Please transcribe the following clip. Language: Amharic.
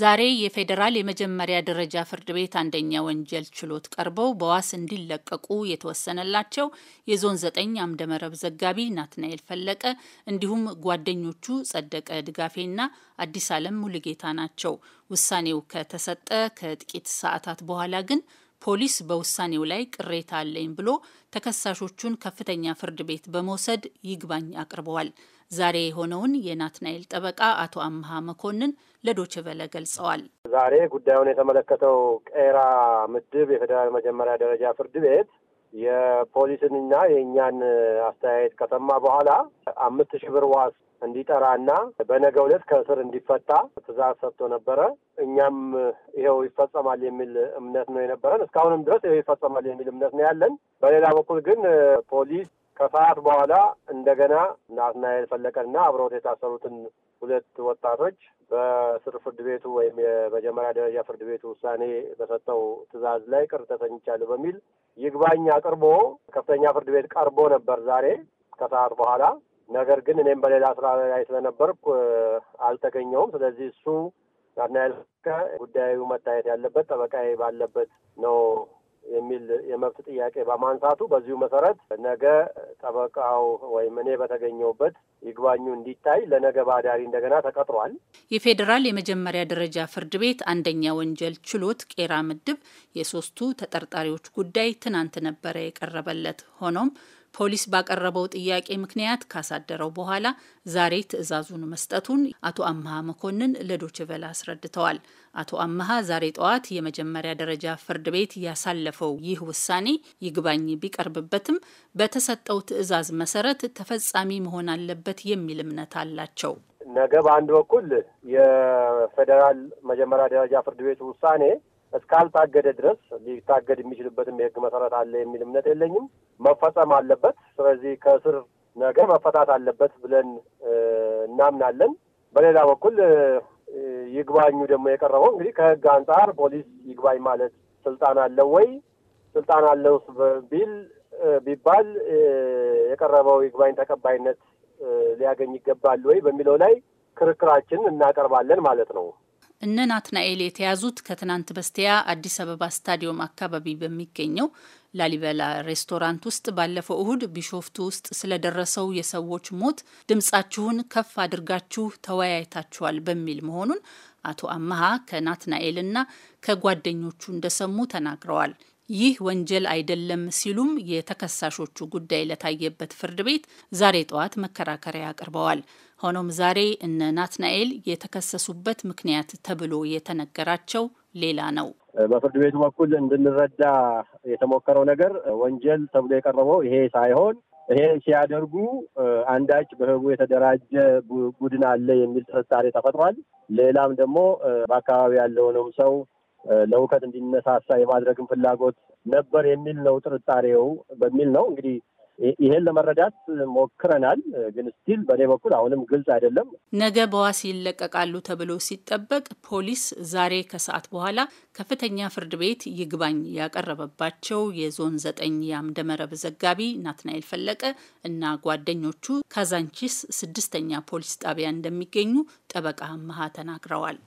ዛሬ የፌዴራል የመጀመሪያ ደረጃ ፍርድ ቤት አንደኛ ወንጀል ችሎት ቀርበው በዋስ እንዲለቀቁ የተወሰነላቸው የዞን ዘጠኝ አምደመረብ ዘጋቢ ናትናኤል ፈለቀ እንዲሁም ጓደኞቹ ጸደቀ ድጋፌና አዲስ አለም ሙልጌታ ናቸው። ውሳኔው ከተሰጠ ከጥቂት ሰዓታት በኋላ ግን ፖሊስ በውሳኔው ላይ ቅሬታ አለኝ ብሎ ተከሳሾቹን ከፍተኛ ፍርድ ቤት በመውሰድ ይግባኝ አቅርበዋል። ዛሬ የሆነውን የናትናኤል ጠበቃ አቶ አምሃ መኮንን ለዶችቨለ ገልጸዋል። ዛሬ ጉዳዩን የተመለከተው ቄራ ምድብ የፌዴራል መጀመሪያ ደረጃ ፍርድ ቤት የፖሊስንና የእኛን አስተያየት ከሰማ በኋላ አምስት ሺህ ብር ዋስ እንዲጠራና በነገ ዕለት ከእስር እንዲፈታ ትእዛዝ ሰጥቶ ነበረ። እኛም ይኸው ይፈጸማል የሚል እምነት ነው የነበረን። እስካሁንም ድረስ ይኸው ይፈጸማል የሚል እምነት ነው ያለን። በሌላ በኩል ግን ፖሊስ ከሰዓት በኋላ እንደገና ናትናኤል ፈለቀንና አብረውት የታሰሩትን ሁለት ወጣቶች በስር ፍርድ ቤቱ ወይም የመጀመሪያ ደረጃ ፍርድ ቤቱ ውሳኔ በሰጠው ትእዛዝ ላይ ቅር ተሰኝቻለሁ በሚል ይግባኝ አቅርቦ ከፍተኛ ፍርድ ቤት ቀርቦ ነበር ዛሬ ከሰዓት በኋላ ነገር ግን እኔም በሌላ ስራ ላይ ስለነበርኩ አልተገኘውም። ስለዚህ እሱ ናትናኤል ጉዳዩ መታየት ያለበት ጠበቃዬ ባለበት ነው የሚል የመብት ጥያቄ በማንሳቱ በዚሁ መሰረት ነገ ጠበቃው ወይም እኔ በተገኘውበት ይግባኙ እንዲታይ ለነገ ባዳሪ እንደገና ተቀጥሯል። የፌዴራል የመጀመሪያ ደረጃ ፍርድ ቤት አንደኛ ወንጀል ችሎት ቄራ ምድብ የሶስቱ ተጠርጣሪዎች ጉዳይ ትናንት ነበረ የቀረበለት ሆኖም ፖሊስ ባቀረበው ጥያቄ ምክንያት ካሳደረው በኋላ ዛሬ ትዕዛዙን መስጠቱን አቶ አመሃ መኮንን ለዶችቨላ አስረድተዋል። አቶ አመሃ ዛሬ ጠዋት የመጀመሪያ ደረጃ ፍርድ ቤት ያሳለፈው ይህ ውሳኔ ይግባኝ ቢቀርብበትም በተሰጠው ትዕዛዝ መሰረት ተፈጻሚ መሆን አለበት የሚል እምነት አላቸው። ነገ በአንድ በኩል የፌዴራል መጀመሪያ ደረጃ ፍርድ ቤት ውሳኔ እስካልታገደ ድረስ ሊታገድ የሚችልበትም የህግ መሰረት አለ የሚል እምነት የለኝም። መፈጸም አለበት። ስለዚህ ከእስር ነገር መፈታት አለበት ብለን እናምናለን። በሌላ በኩል ይግባኙ ደግሞ የቀረበው እንግዲህ ከህግ አንጻር ፖሊስ ይግባኝ ማለት ስልጣን አለው ወይ ስልጣን አለው ቢል ቢባል የቀረበው ይግባኝ ተቀባይነት ሊያገኝ ይገባል ወይ በሚለው ላይ ክርክራችን እናቀርባለን ማለት ነው። እነ ናትናኤል የተያዙት ከትናንት በስቲያ አዲስ አበባ ስታዲየም አካባቢ በሚገኘው ላሊበላ ሬስቶራንት ውስጥ ባለፈው እሁድ ቢሾፍቱ ውስጥ ስለደረሰው የሰዎች ሞት ድምጻችሁን ከፍ አድርጋችሁ ተወያይታችኋል በሚል መሆኑን አቶ አመሃ ከናትናኤልና ከጓደኞቹ እንደሰሙ ተናግረዋል። ይህ ወንጀል አይደለም ሲሉም የተከሳሾቹ ጉዳይ ለታየበት ፍርድ ቤት ዛሬ ጠዋት መከራከሪያ አቅርበዋል። ሆኖም ዛሬ እነ ናትናኤል የተከሰሱበት ምክንያት ተብሎ የተነገራቸው ሌላ ነው። በፍርድ ቤቱ በኩል እንድንረዳ የተሞከረው ነገር ወንጀል ተብሎ የቀረበው ይሄ ሳይሆን ይሄ ሲያደርጉ አንዳች በህቡ የተደራጀ ቡድን አለ የሚል ጥርጣሬ ተፈጥሯል። ሌላም ደግሞ በአካባቢ ያለውንም ሰው ለውከት እንዲነሳሳ የማድረግን ፍላጎት ነበር የሚል ነው ጥርጣሬው በሚል ነው እንግዲህ ይሄን ለመረዳት ሞክረናል። ግን ስቲል በእኔ በኩል አሁንም ግልጽ አይደለም። ነገ በዋስ ይለቀቃሉ ተብሎ ሲጠበቅ ፖሊስ ዛሬ ከሰዓት በኋላ ከፍተኛ ፍርድ ቤት ይግባኝ ያቀረበባቸው የዞን ዘጠኝ የአምደመረብ ዘጋቢ ናትናኤል ፈለቀ እና ጓደኞቹ ካዛንቺስ ስድስተኛ ፖሊስ ጣቢያ እንደሚገኙ ጠበቃ መሀ ተናግረዋል።